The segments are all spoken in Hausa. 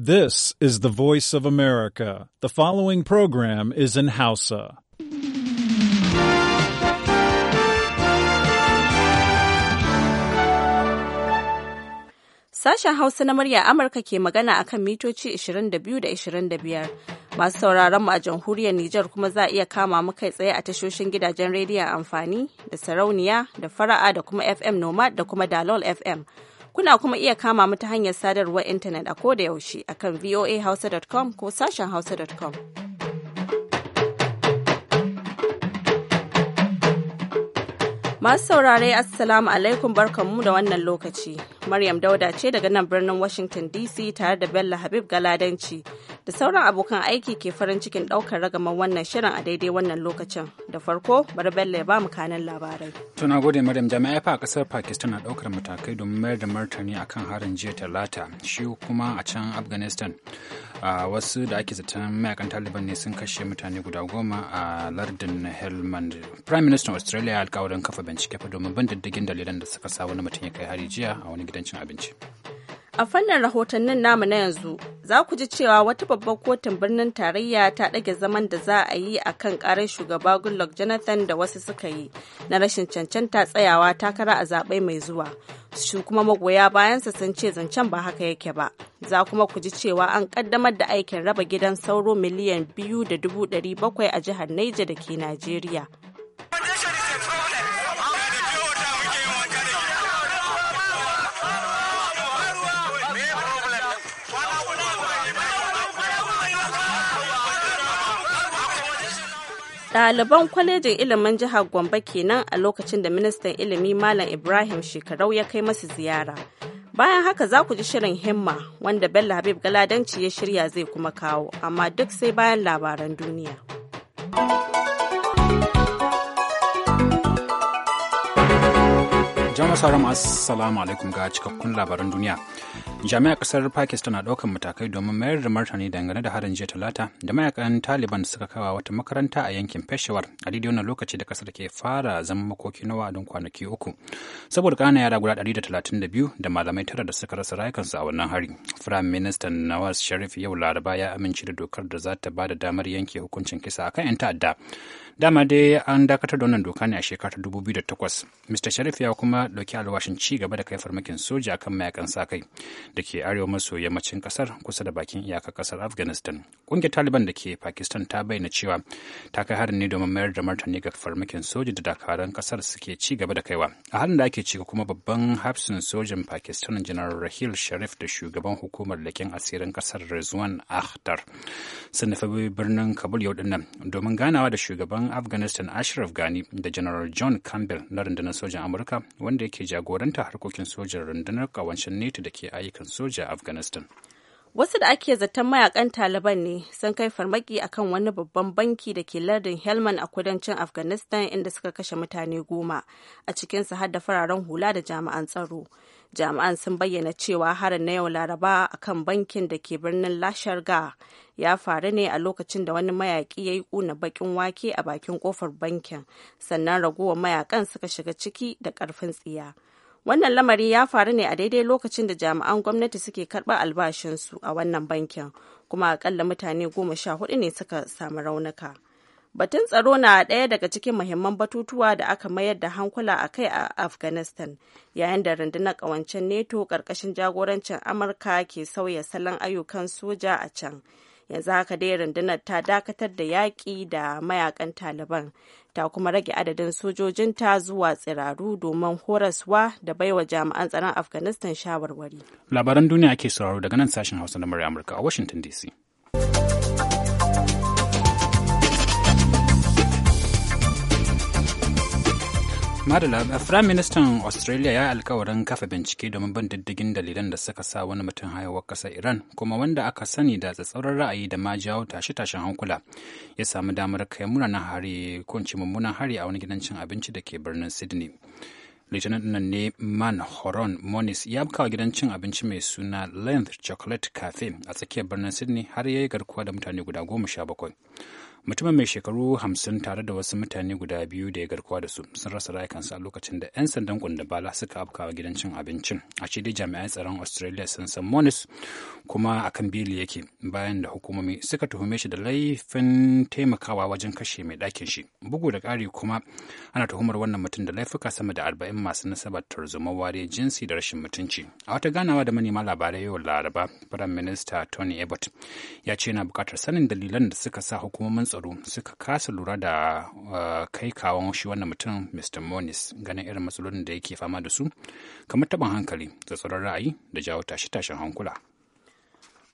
This is the voice of America. The following program is in Hausa. Sashen Hausa na murya Amurka ke magana akan mitoci 22 da 25. Masu sauraron mu a jamhuriyar Nijar kuma za a iya kama mu kai tsaye a tashoshin gidajen rediyon amfani da sarauniya da fara'a da kuma FM Nomad da kuma Dalol FM. Kuna kuma iya kama mu ta hanyar sadarwar intanet a koda yaushe akan voahausa.com ko sashen hausa.com. Masu saurare Assalamu alaikum barkanmu da wannan lokaci. Maryam Dauda ce daga nan birnin Washington DC tare da Bello Habib Galadanci da sauran abokan aiki ke farin cikin ɗaukar ragaman wannan shirin a daidai wannan lokacin. Da farko bari Bello ya ba mu kanan labarai. Tuna gode Maryam jami'ai fa kasar Pakistan na ɗaukar matakai domin mayar da martani akan harin jiya Talata shi kuma a can Afghanistan. a wasu da ake zaton mayakan taliban ne sun kashe mutane guda goma a lardin helmand prime minister australia alkawarin kafa bincike fa domin bin diddigin dalilan da suka sa wani mutum ya kai hari jiya a wani gidan cin abinci. A fannin rahotannin namu na yanzu, za ku ji cewa wata babbar kotun birnin tarayya ta ɗage zaman da za a yi a kan ƙarar shugaba Goodluck Jonathan da wasu suka yi na rashin cancanta tsayawa takara a zaɓe mai zuwa. Su kuma magoya bayansa sun ce zancen ba haka yake ba. Za kuma ku ji cewa an ƙaddamar da aikin raba gidan sauro miliyan biyu da dubu ɗari bakwai a jihar Niger da ke Najeriya. Ɗaliban kwalejin ilimin jihar Gombe kenan a lokacin da ministan ilimi Malam Ibrahim Shekarau ya kai masu ziyara. Bayan haka za ku ji shirin himma wanda Bello Habib Galadanci ya shirya zai kuma kawo, amma duk sai bayan labaran duniya. Jama'a Assalamu alaikum ga cikakkun labaran duniya. jami'a kasar pakistan na daukan matakai domin mayar da martani dangane da harin jiya talata da mayakan taliban suka kawa wata makaranta a yankin peshawar a daidai wannan lokaci da kasar ke fara zama makoki nawa don kwanaki uku saboda kana yara guda 132 da malamai tara da suka rasa rayukansu a wannan hari firayim ministan nawaz sharif yau laraba ya amince da dokar da za ta ba da damar yanke hukuncin kisa akan 'yan ta'adda dama dai an dakatar da wannan doka ne a shekara ta 2008 mr sharif ya kuma dauki alwashin ci gaba da kai farmakin soja kan mayakan sa kai da ke arewa maso yammacin kasar kusa da bakin iyakar kasar afghanistan kungiyar taliban da ke pakistan ta bayyana cewa ta kai harin ne domin mayar da martani ga farmakin soja da dakaran kasar suke ci gaba da kaiwa a halin da ake cika kuma babban hafsin sojan pakistan general rahil sharif da shugaban hukumar lakin asirin kasar rizwan akhtar sun nufi birnin kabul yau dinnan domin ganawa da shugaban afghanistan ashraf ghani da general john campbell na rundunar sojan amurka wanda yake jagoranta harkokin sojan rundunar kawancin neto da ke ayyukan soja afghanistan Wasu da ake zaton mayakan Taliban ne sun kai farmaki akan wani babban banki da ke lardin Helmand a kudancin Afghanistan inda suka kashe mutane goma, a cikinsu har da fararen hula da jami'an tsaro. Jami'an sun bayyana cewa harin na yau Laraba akan bankin da ke birnin Lasharga ya faru ne a lokacin da wani mayaki ya yi kuna bakin wake a bakin kofar bankin, sannan ragowar mayakan suka shiga ciki da ƙarfin tsiya. Wannan lamari ya faru ne a daidai lokacin da jami'an gwamnati suke karɓar albashinsu a wannan bankin, kuma akalla mutane goma sha hudu ne suka samu raunuka. Batun tsaro na ɗaya daga cikin muhimman batutuwa da aka mayar da hankula a kai a Afghanistan, yayin da rundunar ƙawancen neto ƙarƙashin jagorancin Amurka ke sauya salon ayyukan soja a can. yanzu haka dai rundunar ta dakatar da yaƙi da mayakan taliban ta kuma rage adadin sojojinta zuwa tsiraru domin horaswa da baiwa jami'an tsaron afghanistan shawarwari labaran duniya ake sauraro daga nan sashen hausa na murya amurka a washington dc Madala, Firayim Ministan Australia ya alkawarin kafa bincike domin bin diddigin dalilan da suka sa wani mutum hayawar kasa Iran, kuma wanda aka sani da tsatsauran ra'ayi da ma jawo tashe-tashen hankula, ya samu damar kai munanan hari kunci mummunan hari a wani gidan cin abinci da ke birnin Sydney. litinin nan ne man horon monis ya kawo gidan cin abinci mai suna length chocolate cafe a tsakiyar birnin sydney har ya yi garkuwa da mutane guda goma sha bakwai mutumin mai shekaru hamsin tare da wasu mutane guda biyu da ya garkuwa da su sun rasa rayukansu a lokacin da 'yan sandan bala suka afkawa gidan cin abincin a dai jami'an tsaron australia sun san monis kuma kan bili yake bayan da hukumomi suka tuhume shi da laifin taimakawa wajen kashe mai ɗakin shi bugu da ƙari kuma ana tuhumar wannan mutum da laifuka sama da arba'in masu nasabar tarzoma ware jinsi da rashin mutunci a wata ganawa da manema labarai yau laraba firayim minista tony abbott ya ce yana bukatar sanin dalilan da suka sa hukumomin tsaro suka kasa lura da uh, kai kawon shi wannan mutum mr monis ganin irin matsalolin da yake fama da su kamar taɓin hankali da tsoron ra'ayi da jawo tashe-tashen hankula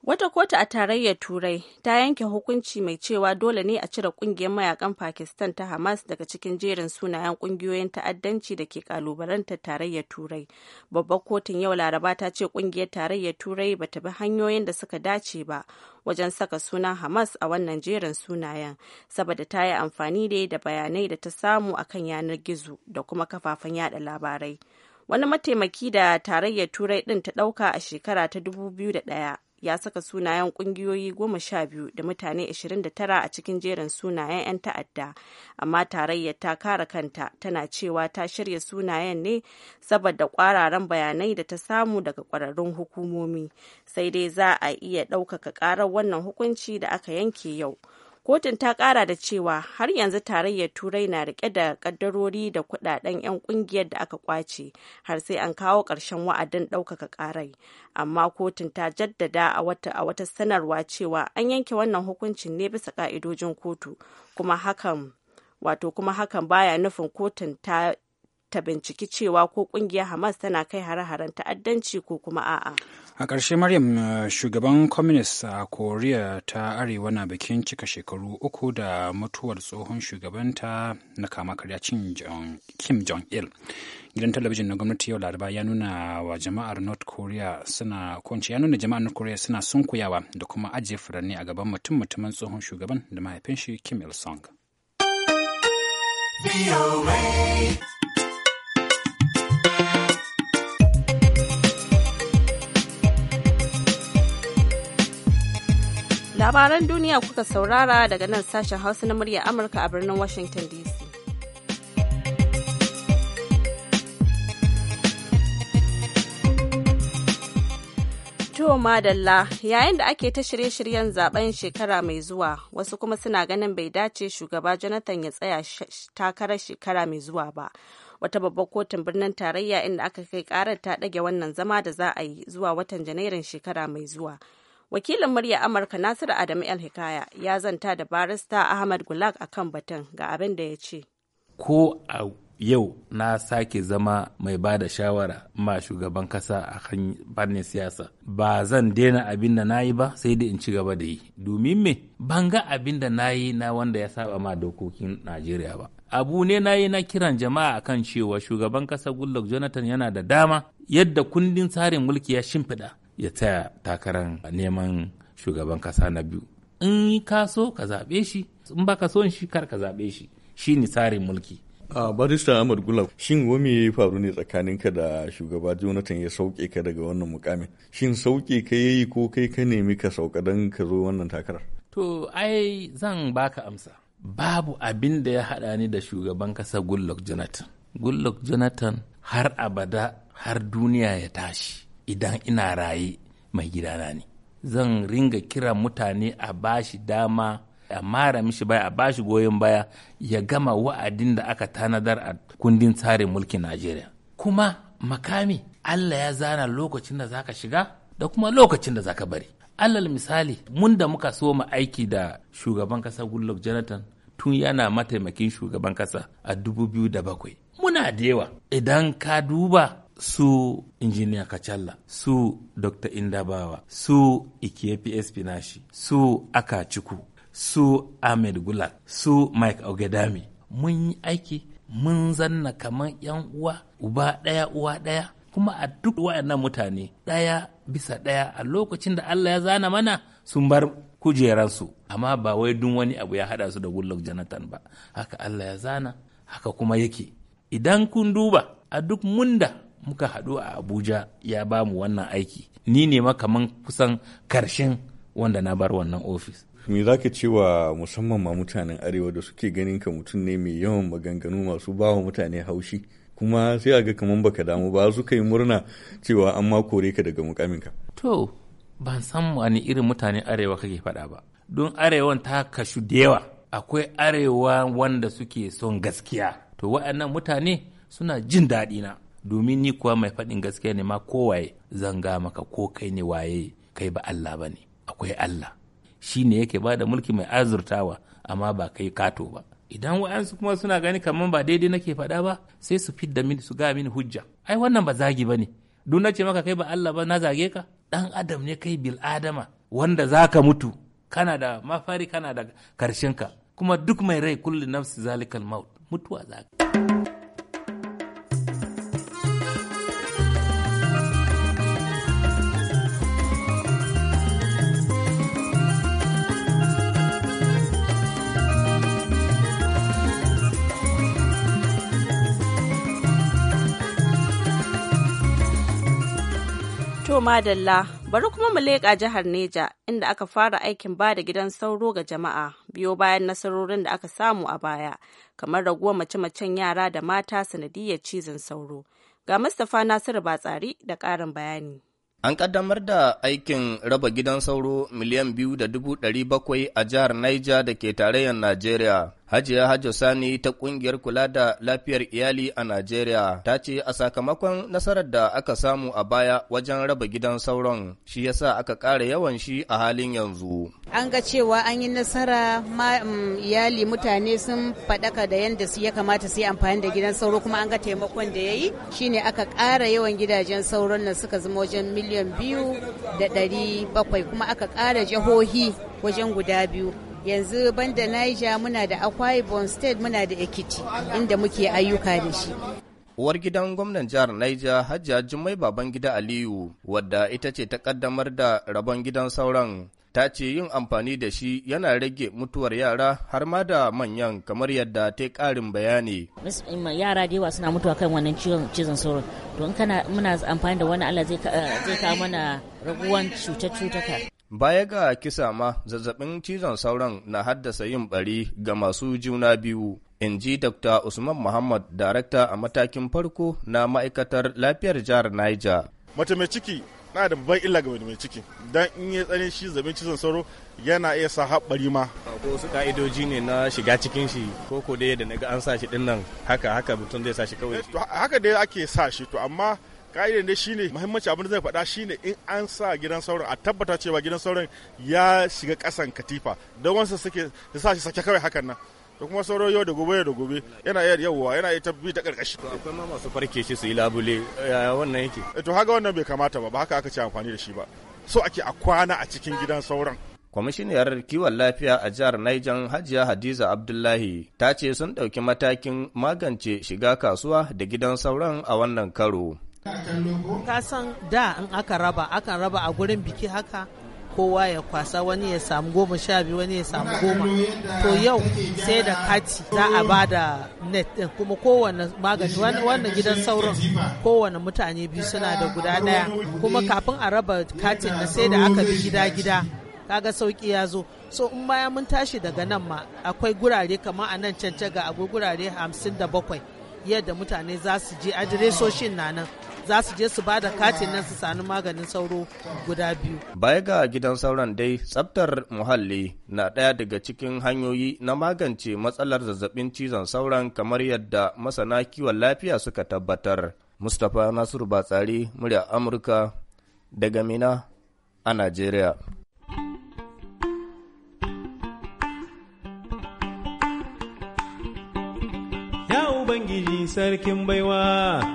Wata kotu a tarayyar Turai ta yanke hukunci mai cewa dole ne a cire kungiyar mayakan Pakistan ta Hamas daga cikin jerin sunayen kungiyoyin ta'addanci da ke kalubalantar tarayyar Turai. Babbar kotun yau Laraba ta ce kungiyar tarayyar Turai ba ta bi hanyoyin da suka dace ba wajen saka sunan Hamas a wannan jerin sunayen, saboda ta yi amfani da da bayanai da ta samu akan yanar gizo da kuma kafafen yada labarai. Wani mataimaki da tarayyar Turai ɗin ta ɗauka a shekara ta dubu biyu da ɗaya. ya saka sunayen kungiyoyi goma sha biyu da mutane 29 a cikin jerin sunayen 'yan ta'adda amma tarayyar ta kare kanta tana cewa ta shirya sunayen ne saboda kwararan bayanai da ta samu daga kwararrun hukumomi sai dai za a iya ɗaukaka ƙarar wannan hukunci da aka yanke yau kotun ta kara da cewa har yanzu tarayyar turai na rike da kaddarori da kudaden 'yan kungiyar da aka kwace har sai an kawo karshen wa'adin daukaka karai amma kotun ta jaddada a wata, a wata sanarwa cewa an yanke wannan hukuncin ne bisa ka'idojin kotu kuma hakan wato kuma hakan baya nufin kotun ta ta binciki cewa ko kungiyar hamas tana kai hare-haren ta'addanci ko kuma a'a a ƙarshe maryam uh, shugaban communist a koriya ta arewa na bikin cika shekaru uku da mutuwar tsohon shugabanta na kama karya kim jong il gidan talabijin na gwamnati yau laraba ya nuna wa jama'ar north korea suna kunci ya nuna jama'ar north korea suna sunkuyawa da kuma ajiye furanni a gaban mutum mutumin tsohon shugaban da mahaifin shi kim il sung Labaran duniya kuka saurara daga nan sashen Hausa na murya Amurka a birnin Washington DC. To madalla yayin da ake ta shirye-shiryen zaben shekara mai zuwa wasu kuma suna ganin bai dace shugaba Jonathan ya tsaya takarar shekara mai zuwa ba. wata babbar kotun birnin tarayya inda aka kai karar ta ɗage wannan zama da za a yi zuwa watan janairun shekara mai zuwa wakilin murya amurka nasiru adamu el hikaya ya zanta da barista ahmad gulag akan batun ga abin da ya ce ko a yau na sake zama mai ba da shawara ma shugaban kasa a kan fannin siyasa ba zan daina abin da na yi ba sai da in ci gaba da yi domin me ban ga abin da na yi na wanda ya saba ma dokokin najeriya ba abu ne na yi na kiran jama'a akan cewa shugaban kasa goodluck jonathan yana da dama yadda kundin tsarin mulki ya shimfiɗa ya tsaya takarar neman shugaban kasa na biyu in ka so ka zaɓe shi in ba ka son shi kar ka zaɓe shi shi ne tsarin mulki a barista ahmad gulab shin wani faru ne tsakanin ka da shugaba jonathan ya sauke ka daga wannan mukamin shin sauke ka yayi ko kai ka nemi ka sauka don ka zo wannan takarar to ai zan baka amsa babu abin da ya haɗa ni da shugaban kasa gullog jonathan goodluck jonathan har abada har duniya ya tashi idan ina raye mai gidana ne zan ringa kira mutane a bashi dama a mara mishi baya a bashi goyon baya ya gama wa'adin da aka tanadar a kundin tsarin mulkin najeriya kuma makami allah ya zana lokacin da zaka shiga da kuma lokacin da zaka bari alal misali mun da muka so mu aiki da shugaban kasa goodluck jonathan tun yana mataimakin shugaban kasa a 2007 muna da yawa idan ka duba su injiniya kacalla su dr indabawa su ikefi espinashi su aka ciku. su ahmed gulak su mike ogedami mun yi aiki mun zanna kamar yan uwa uba ɗaya uwa ɗaya kuma a duk wayannan mutane ɗaya bisa ɗaya a lokacin da allah ya zana mana sun bar kujeransu amma ba wai dun wani abu ya hada su da goodluck jonathan ba haka allah ya zana haka kuma yake idan kun duba a duk munda muka haɗu a abuja ya ba mu wannan aiki ni ne makaman kusan karshen wanda na bar wannan ofis me za ka ce musamman ma mutanen arewa da suke ganin ka mutum ne mai yawan maganganu masu ba wa mutane haushi kuma sai a ga kamar baka damu ba su yi murna cewa an ma kore ka daga mukaminka to ban san wani irin mutane arewa kake faɗa ba don arewan ta kashu da yawa akwai arewa wanda suke son gaskiya to wa'annan mutane suna jin daɗi na domin ni kuwa mai faɗin gaskiya ne ma kowaye zan ga maka ko kai ne waye kai ba Allah ba ne akwai Allah shi ne yake ba da mulki mai azurtawa amma ba kai kato ba idan wa'ansu kuma suna gani kamar ba daidai nake faɗa ba sai su fidda mini su ga mini hujja ai wannan ba zagi ba ne duk na ce maka kai ba Allah ba na zage ka dan adam ne kai bil adama wanda zaka mutu kana da mafari kana da karshen ka kuma duk mai rai kullu nafsi zalikal maut mutuwa zaka madalla bari kuma mu leƙa jihar Neja inda aka fara aikin ba da gidan sauro ga jama'a biyo bayan nasarorin da aka samu a baya kamar raguwa mace-macen yara da mata sanadiyar cizon sauro. Ga Mustapha Nasiru Batsari da ƙarin bayani. An kaddamar da aikin raba gidan sauro miliyan biyu da dubu ɗari bakwai a jihar Niger da ke tarayyar Najeriya. Hajiya Hajjo Sani ta kungiyar kula da lafiyar iyali a Najeriya ta ce a sakamakon nasarar da aka samu a baya wajen raba gidan sauron shi yasa aka ƙara yawan shi a halin yanzu. An ga cewa an yi nasara ma mm, iyali mutane sun faɗaka da yadda su ya kamata su yi amfani da gidan sauro kuma an ga taimakon da ya yi shine aka ƙara yawan gidajen sauron nan suka zama wajen miliyan biyu da ɗari bakwai kuma aka ƙara jihohi wajen guda biyu yanzu banda Niger muna da Akwa Ibom State muna da Ekiti inda muke ayyuka da shi. Uwar gidan gwamnan jihar Niger Hajiya Jummai gida Aliyu wadda ita ce ta kaddamar da rabon gidan sauran ta ce yin amfani da shi yana rage mutuwar yara har ma da manyan kamar yadda ta karin bayani. Yara da yawa suna mutuwa kan wannan cizon sauran. To kana muna amfani da wani Allah zai kawo mana raguwan cuta cutaka Baya ga kisa ma zazzabin cizon sauran na haddasa yin bari ga masu juna biyu, in ji Dr. Usman Muhammad, darakta a matakin farko na ma'aikatar lafiyar jihar Niger. Mace mai ciki na da babban illa ga mai ciki, don in ya tsanin shi zazzabin cizon sauro yana iya sa haɓari ma. Ko su ka'idoji ne na shiga cikin shi ko ko dai da naga an sa shi dinnan haka haka mutum zai sa shi kawai. Eh, haka dai ake sa shi to amma ka'idan ne shine muhimmanci abin da zai faɗa shine in an sa gidan sauran a tabbata cewa gidan sauran ya shiga ƙasan katifa don wansa suke su sa shi sake kawai hakan nan da kuma sauro yau da gobe da gobe yana iya yawwa yana iya tabbi ta karkashi to akwai ma masu farke shi su yi labule wannan yake eh, to haka wannan bai kamata ba ba haka aka ce amfani da shi ba so ake a kwana a cikin gidan sauran kwamishiniyar kiwon lafiya a jihar Niger Hajiya Hadiza Abdullahi ta ce sun ɗauki matakin magance shiga kasuwa da gidan sauran a wannan karo. Ka san da in aka raba, akan raba a gurin biki haka kowa ya kwasa wani ya samu goma sha biyu wani ya samu goma to yau sai da kati za a ba da net ɗin kuma kowane magani wannan gidan sauran kowane mutane biyu suna da guda ɗaya kuma kafin a raba katin da sai da aka bi gida gida kaga sauki ya zo so in baya mun tashi daga nan ma akwai gurare kamar a nan cancaga ga gurare hamsin da bakwai yadda mutane za su je adiresoshin na nan za su je su ba da katin nan su sani maganin sauro guda biyu. Baya ga gidan sauran dai tsabtar muhalli na ɗaya daga cikin hanyoyi na magance matsalar zazzabin cizon sauran kamar yadda masana kiwon lafiya suka tabbatar. Mustapha Nasiru Batsari, murya Amurka daga Mina a Najeriya. Ya Ubangiji sarkin baiwa.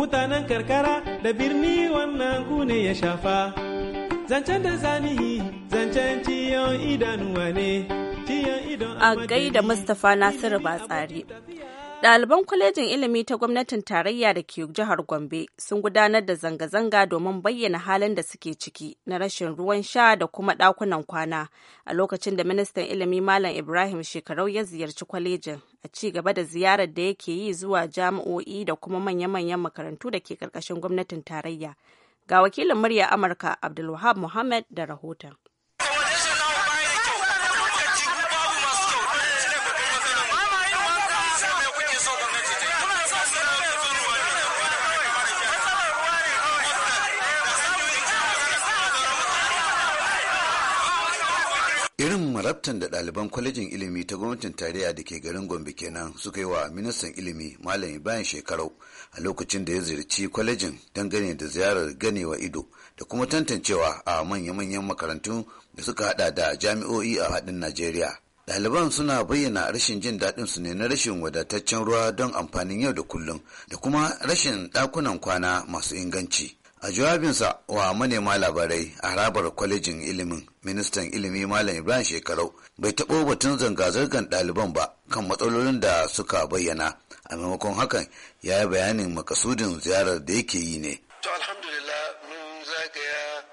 mutanen karkara da birni wannan ku ne ya shafa. Zancen da zanihi zancen ciyon idanuwa ne. A gaida Mustapha Nasiru Batsari. Ɗaliban kwalejin ilimi ta gwamnatin tarayya da ke jihar Gombe sun gudanar da zanga-zanga domin bayyana halin da suke ciki na rashin ruwan sha da kuma ɗakunan kwana a lokacin da ministan ilimi Malam Ibrahim Shekarau ya ziyarci kwalejin a ci gaba da ziyarar da yake yi zuwa jami'o'i da kuma manya-manyan makarantu da ke ƙarƙashin gwamnatin tarayya. Ga wakilin murya Amurka Abdulwahab Muhammad da rahoton. Laftan da ɗaliban kwalejin ilimi ta gwamnatin tarayya da ke garin Gombe kenan suka yi wa ministan ilimi malami bayan Shekarau a lokacin da ya ziyarci kwalejin dangane da ziyarar ganewa ido da kuma tantancewa a manya-manyan makarantu da suka hada da jami'o'i a haɗin Najeriya. Ɗaliban suna bayyana rashin jin daɗin su ne na rashin wadataccen ruwa don amfanin yau da kullum da kuma rashin ɗakunan kwana masu inganci. a jawabinsa wa manema labarai a harabar kwalejin ilimin ministan ilimi malam ibrahim shekarau bai taɓo batun zanga-zangar ɗaliban ba kan matsalolin da suka bayyana a maimakon hakan ya yi bayanin makasudin ziyarar da yake yi ne to alhamdulillah mun zagaya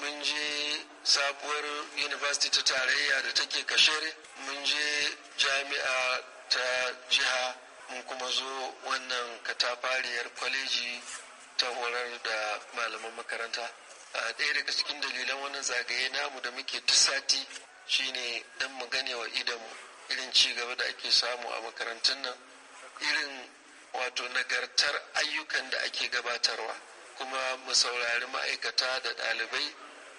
mun je sabuwar university ta tarayya da take kashere mun je jami'a ta jiha mun kuma zo wannan katafariyar kwaleji ta horar da malaman makaranta ɗaya daga cikin dalilan wannan zagaye namu da muke duk sati shine don mu gane wa idanmu irin ci gaba da ake samu a makarantun nan irin wato nagartar ayyukan da ake gabatarwa kuma mu saurari ma'aikata da ɗalibai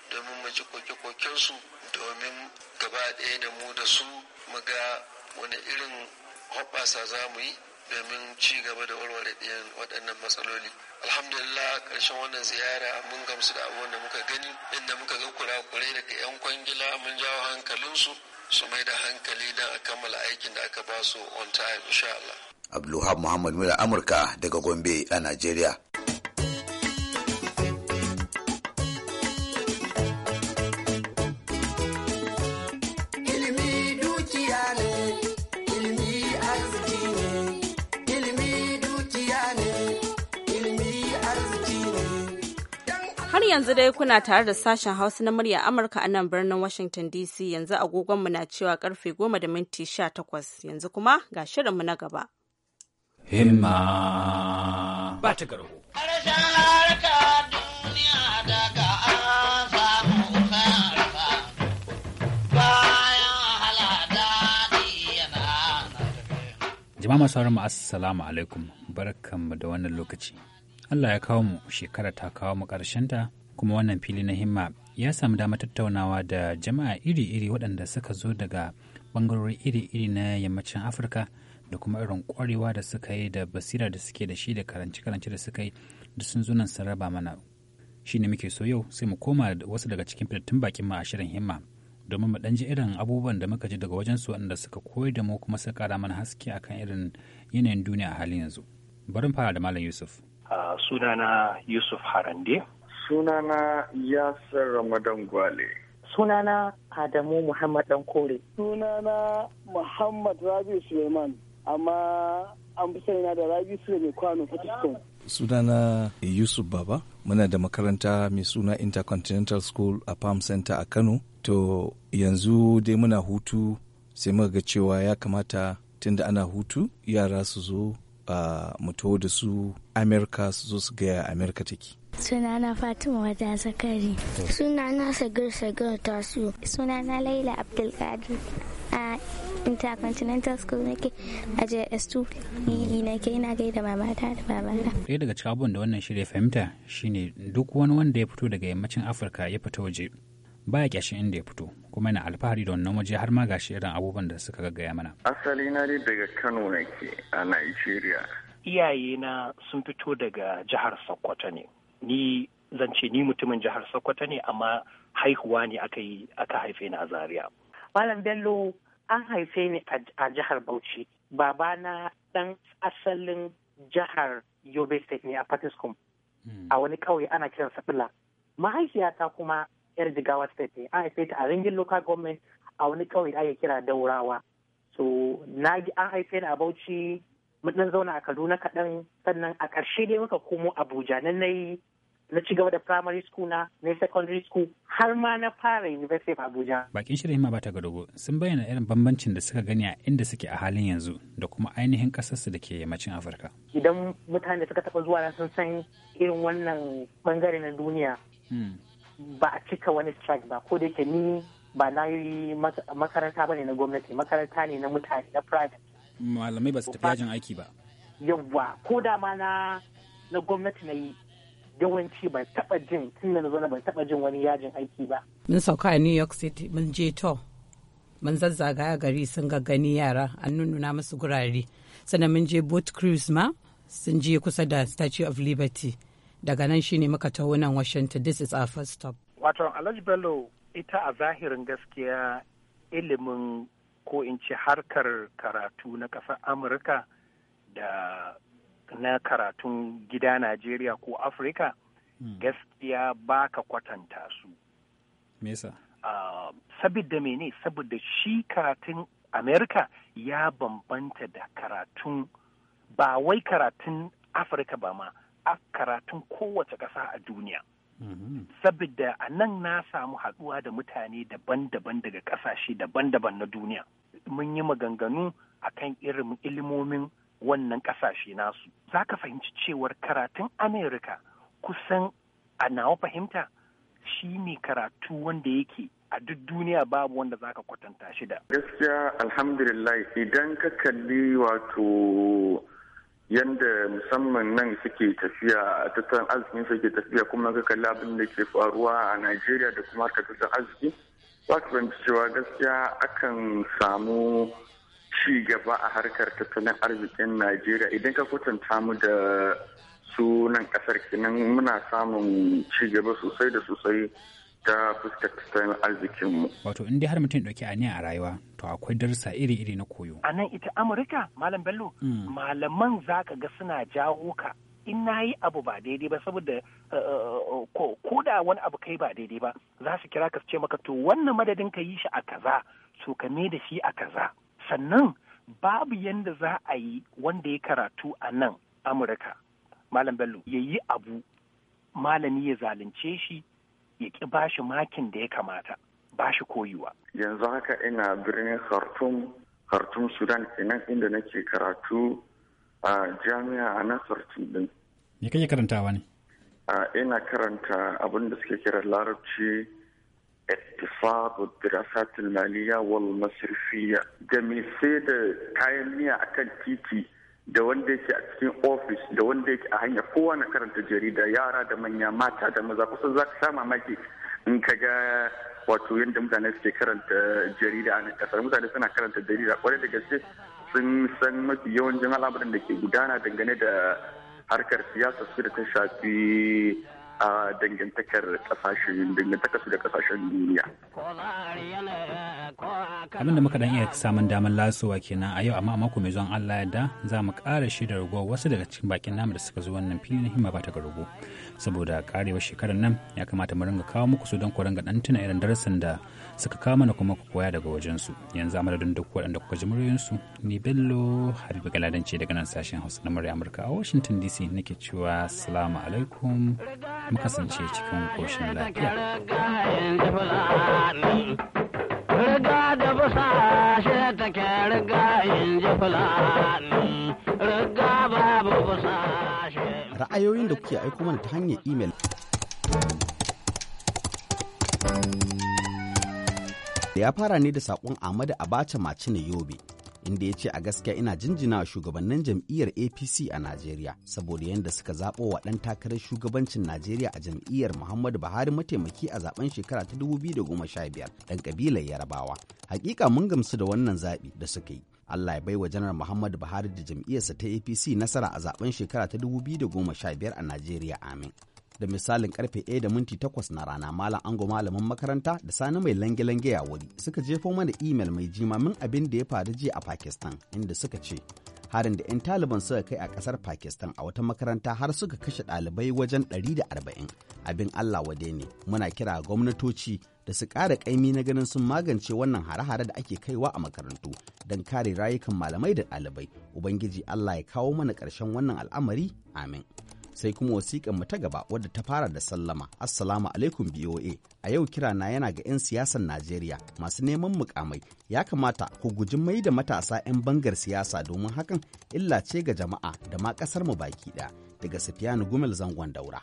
domin mu ji koke-kokensu domin gaba ɗaya da mu da su mu ga wani irin hoɓɓasa za mu yi domin ci gaba da warware ɗayan waɗannan matsaloli alhamdulillah ƙarshen wannan ziyara mun gamsu da abubuwan da muka gani inda muka ga kurakurai daga 'yan kwangila mun jawo hankalinsu su mai da hankali don a kammala aikin da aka ba su on time insha Allah. Abdulhab Muhammad Mura Amurka daga Gombe a Najeriya. yanzu dai kuna tare da sashen Hausa na murya Amurka a nan birnin Washington DC yanzu agogonmu na cewa karfe goma da minti takwas yanzu kuma ga shirinmu na gaba. Himma ba ta garo Jama'a masu mu assalamu alaikum barkanmu da wannan lokaci. Allah ya kawo mu shekara ta kawo mu ta kuma wannan fili na himma ya samu dama tattaunawa da jama'a iri-iri waɗanda suka zo daga ɓangarori iri-iri na yammacin afirka da kuma irin ƙwarewa da suka yi da basira da suke da shi da karance-karance da suka yi da sun zo nan sarraba mana shi ne muke so yau sai mu koma wasu daga cikin fitattun bakin mu a shirin himma domin mu ɗan ji irin abubuwan da muka ji daga wajen su waɗanda suka koyar da mu kuma suka ƙara mana haske akan irin yanayin duniya a halin yanzu barin fara da malam yusuf ah, sunana yusuf harande Sunana Yasir Ramadan Gwale. Sunana Adamu Muhammad Dan Kore. Sunana Muhammad Rabi Suleiman, amma an fi sani da Rabi Suleiman Kwano pakistan. Sunana Yusuf Baba, muna da makaranta mai suna Intercontinental School a Palm Center a Kano. To yanzu dai muna hutu sai muka ga cewa ya kamata tunda ana hutu yara su zo a uh, da su Amerika su zo su gaya Amerika take. Sunana Fatima wata Zakari. Sunana sagar Sagir Tasu. Sunana Laila Abdulkadir. A Intercontinental School nake a JS2 EE nake ina da mamata da babana. Ɗaya daga cikin abubuwan da wannan shirya fahimta shine duk wani wanda ya fito daga yammacin Afirka ya fita waje baya kyashin inda ya fito kuma yana alfahari da wannan waje har ma gashi irin abubuwan da suka gaggaya mana. Asali na dai daga Kano nake a Nigeria. Iyaye na sun fito daga jihar Sokoto ne. ni zan ce ni mutumin jihar Sokoto ne amma haihuwa ne aka yi aka haife ni a Zaria. Malam Bello an haife ni a jihar Bauchi. Babana dan asalin jihar Yobe State ne a Patiskum. Hmm. A wani ƙauye ana kiran Sabila. Mahaifiyata kuma yar Jigawa State ne. An haife ta a Ringin Local Government a wani ƙauye da ake kira Daurawa. So na an haife ni a Bauchi mun dan zauna a Kaduna kaɗan sannan a ƙarshe dai muka komo Abuja nan na yi na ci da primary school na na secondary school har ma na fara university of abuja bakin shirin ma bata dogo sun bayyana irin bambancin da suka gani a inda suke a halin yanzu da kuma ainihin kasarsu da ke yammacin afirka idan mutane da suka taba zuwa na sun san irin wannan bangare na duniya hmm. ba a cika wani strike ba ko da yake ni ba na yi makaranta ba ne na gwamnati makaranta ne na mutane na private malamai ba su tafi yajin aiki ba yawwa ko da ma na gwamnati na yi yawanci ban taba jin tun da na ban taba jin wani yajin aiki ba. Mun sauka a New York City mun je to mun zazzagaya gari sun ga gani yara an nuna musu gurare sannan mun je boat cruise ma sun je kusa da Statue of Liberty daga nan shine muka taho nan Washington this is our first stop. Wato Alhaji Bello ita a zahirin gaskiya ilimin ko in ci harkar karatu na ƙasar Amurka da na karatun gida Najeriya ko Afrika hmm. gaskiya ba ka kwatanta su. Mesa. sabida me ah, mene saboda shi karatun Amerika ya bambanta da karatun ba wai karatun Afirka ba ma, a karatun kowace ƙasa a duniya. Hmm. Saboda a nan na samu haɗuwa da mutane daban-daban daga ƙasashe daban-daban na duniya. Mun yi maganganu a kan irin ilimomin wannan kasashe nasu za ka fahimci cewar karatun amerika kusan a nawa fahimta shi ne karatu wanda yake a duk duniya babu wanda za ka kwatanta shi da gaskiya alhamdulillah idan ka kalli wato yadda musamman nan suke tafiya a tattalin arzikin suke tafiya kuma ka kalli abin da ke faruwa a najeriya da kuma harkar tattalin arziki za ka fahimci cewa gaskiya akan samu ci gaba a harkar tattalin arzikin najeriya idan ka kwatanta mu da sunan kasar kenan muna samun ci gaba sosai da sosai ta fuskar tattalin arzikinmu. Wato in har mutum a ne a rayuwa to akwai darussa iri-iri na koyo. A nan ita Amurka Malam Bello hmm. malaman za ka ga suna jawo ka in na yi abu ba daidai ba saboda eh, eh, eh, ko da wani abu kai ba daidai ba za su kira ka su ce maka to wannan madadin ka yi shi a kaza to ka da shi a kaza. sannan babu yadda za a yi wanda ya karatu a nan amurka malam bello ya yi abu malami ya zalunce shi ya ki bashi makin da ya kamata bashi koyuwa yanzu haka ina birnin khartoum khartoum sudan kenan inda nake karatu a jami'a a nan khartoum din me kake karantawa ne ina karanta abin da suke kira larabci اقتصاد والدراسات الماليه والمصرفيه da mai sai da kayan miya a kan titi da wanda yake a cikin ofis da wanda yake a hanya kowane karanta jarida yara da manya mata da maza kusan za ka sha mamaki in ka ga wato yadda mutane suke karanta jarida a kasar mutane suna karanta jarida kwarai da gaske sun san mafi yawancin al'amuran da ke gudana dangane da harkar siyasa su da ta shafi a dangantakar kasashen dangantakar su da kasashen duniya. Abin da muka dan iya samun damar lasowa kenan a yau amma mako mai zuwan Allah yadda za mu kara shi da rago wasu daga cikin bakin namu da suka zo wannan filin himma ba ta ga Saboda karewar shekarar nan ya kamata mu ringa kawo muku su don ku ringa dan tuna irin darasin da suka kawo mana kuma ku koya daga wajensu. Yanzu a madadin duk waɗanda kuka ji muryoyinsu ni Bello Harbi Galadanci daga nan sashen Hausa na murya Amurka a Washington DC nake cewa salamu alaikum mu kasance cikin koshin lafiya. Riga da busa shi take riga in fulani, riga babu busa shi. Ra'ayoyin da kuke aiko mana ta hanyar imel. Ya fara ne da saƙon Ahmadu Abacha Macina Yobe. inda ya ce a gaskiya ina jinjina shugabannin jam'iyyar apc a najeriya saboda yadda suka zaɓo wa ɗan takarar shugabancin najeriya a jam'iyyar muhammadu buhari mataimaki a zaben shekara ta 2015 ɗan ƙabilar yarabawa hakika mun gamsu da wannan zaɓi da suka yi Allah ya baiwa janar Muhammadu Buhari da jam'iyyarsa ta APC nasara a zaben shekara ta 2015 a Najeriya amin. da misalin karfe 1 da minti 8 na rana malam ango malamin makaranta da sani mai lange-lange ya wuri suka jefo mana imel mai jimamin abin da ya faru jiya a Pakistan inda suka ce harin da 'yan taliban suka kai a kasar pakistan a wata makaranta har suka kashe dalibai wajen 140 abin allah wade ne muna kira gwamnatoci da su kara kaimi na ganin sun magance wannan hare-hare da ake kaiwa a makarantu don kare rayukan malamai da ɗalibai ubangiji allah ya kawo mana karshen wannan al'amari amin sai kuma wasiƙan mu ta gaba wadda ta fara da sallama assalamu alaikum boa a yau kira na yana ga 'yan siyasar najeriya masu neman mukamai ya kamata ku guji mai da matasa 'yan bangar siyasa domin hakan illa ce ga jama'a da ma ƙasar mu baki ɗaya daga sufiyanu gumel zangon daura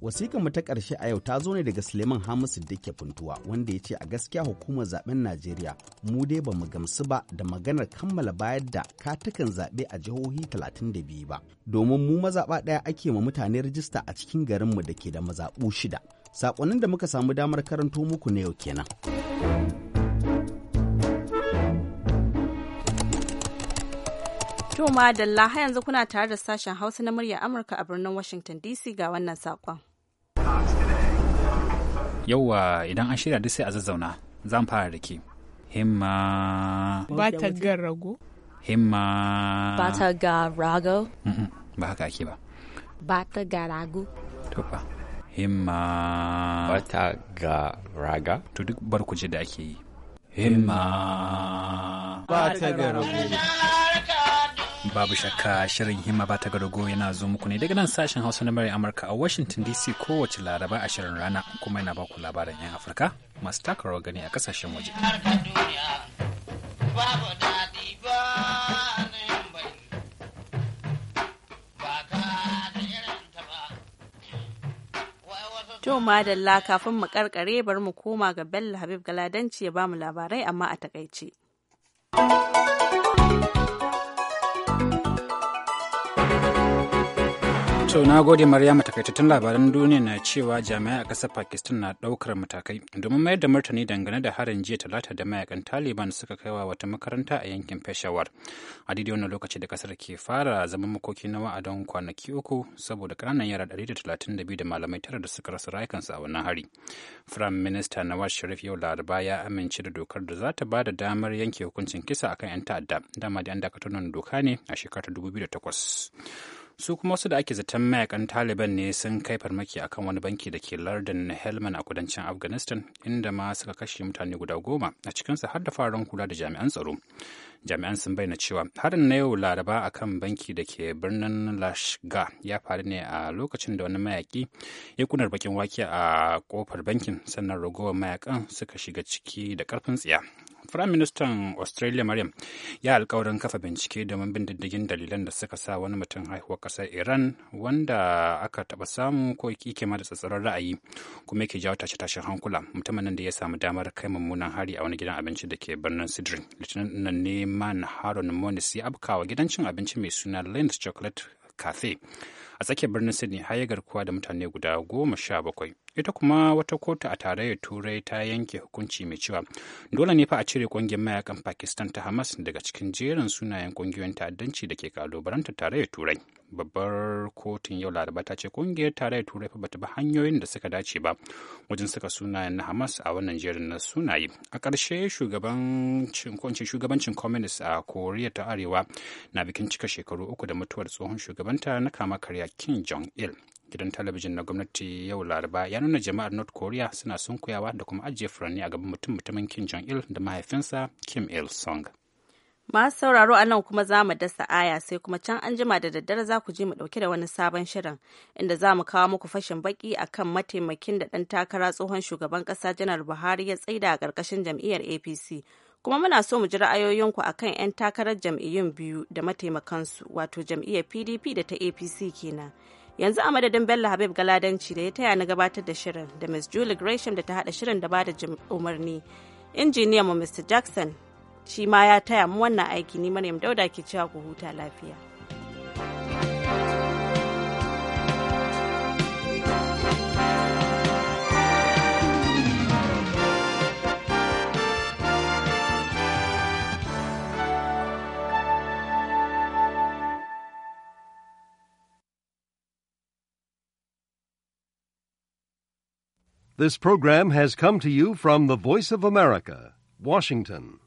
mu ta ƙarshe a yau ta zo ne daga Suleiman Hamisu Dike Funtuwa wanda ya ce a gaskiya hukumar zaben Najeriya mu dai ba mu gamsu ba da maganar kammala bayar da katukan zaɓe a jihohi 32 ba. Domin mu mazaɓa ɗaya ake ma mutane rijista a cikin garinmu da ke da mazaɓu shida. Saƙonin da muka samu damar karanto muku na yau kenan. To madalla har yanzu kuna tare da sashen Hausa na murya Amurka a birnin Washington DC ga wannan saƙon. Yauwa idan an shirya duk sai a zazzauna zan fara da ke. Himma. Ba ta ga rago. Himma. Ba ta ga rago. Ba haka ake ba. Ba ta ga rago. To fa. Himma. Ba ta ga raga. To duk barkuje da ake yi. Himma. Ba ta ga rago. Babu shakka shirin himma ba ta garago yana zo muku ne daga nan sashen Hausa na murya Amurka a Washington DC kowace Laraba a shirin rana kuma yana baku labaran 'yan Afirka masu takarwa gani a kasashen waje. To madalla kafin mu karkare bar mu koma ga Bello Habib Galadanci ya bamu labarai amma a takaice. To na gode Maryama takaitattun labaran duniya na cewa jami'a a ƙasar Pakistan na ɗaukar matakai domin mayar da martani dangane da harin jiya talata da mayakan Taliban suka kaiwa wata makaranta a yankin Peshawar. A daidai wannan lokaci da ƙasar ke fara zaman makoki na wa'adon kwanaki uku saboda ƙananan yara 132 da malamai tara da suka rasa rayukansu a wannan hari. Firayim Minista Nawaz Sharif yau Laraba ya amince da dokar da za ta ba da damar yanke hukuncin kisa akan 'yan ta'adda dama da 'yan dakatar doka ne a shekarar 2008. su kuma wasu da ake zaton mayakan taliban ne sun kai farmaki akan wani banki da ke lardin helman a kudancin afghanistan inda ma suka kashe mutane guda goma a cikinsu har da faran kula da jami'an tsaro jami'an sun bayyana cewa harin na yau laraba akan banki da ke birnin lashga ya faru ne a lokacin da wani mayaki ya kunar bakin wake a kofar bankin sannan ragowar mayakan suka shiga ciki da karfin tsiya Firaministan Australia Maryam ya alkawarin kafa bincike da bin diddigin dalilan da suka sa wani mutum haihuwar ƙasar Iran wanda aka taɓa samu ko kike da tsatsarar ra'ayi kuma yake jawo tashe-tashen hankula mutumin nan da ya samu damar kai mummunan hari a wani gidan abinci da ke birnin Sidrin. Litinin nan ne man Harun Monis ya abkawa gidan cin abinci mai suna lind Chocolate Cafe a tsakiyar birnin sydney har ya garkuwa da mutane guda goma sha bakwai ita kuma wata kotu a tarayyar turai ta yanke hukunci mai cewa dole ne fa a cire ƙungiyar mayakan pakistan ta hamas daga cikin jerin sunayen ƙungiyoyin ta'addanci da ke kalubalantar tarayyar turai babbar kotun yau laraba ta ce kungiyar da turai ba ta bi hanyoyin da suka dace ba wajen saka sunayen na hamas a wannan jerin na sunaye a ƙarshe shugabancin communist a koriya ta arewa na bikin cika shekaru uku da mutuwar tsohon shugabanta na kama karya kim jong il gidan talabijin na gwamnati yau laraba ya nuna jama'ar north korea suna sunkuyawa da kuma ajiye furanni a gaban mutum mutumin kim jong il da mahaifinsa kim il song Masu sauraro a nan kuma za mu dasa aya sai kuma can an jima da daddare za ku ji mu ɗauke da wani sabon shirin inda za mu kawo muku fashin baki akan mataimakin da ɗan takara tsohon shugaban ƙasa janar Buhari ya tsaida a karkashin jam'iyyar APC. Kuma muna so mu ji ra'ayoyinku a kan 'yan takarar jam'iyyun biyu da mataimakansu wato jam'iyyar PDP da ta APC kenan. Yanzu a madadin Bello Habib Galadanci da ya taya na gabatar da shirin da Ms. Julie Gresham da ta haɗa shirin da ba da umarni. Injiniyanmu Mr. Jackson shi ma ya taya mu wannan aiki ni Maryam Dauda ke cewa ku huta lafiya. This program has come to you from the Voice of America, Washington.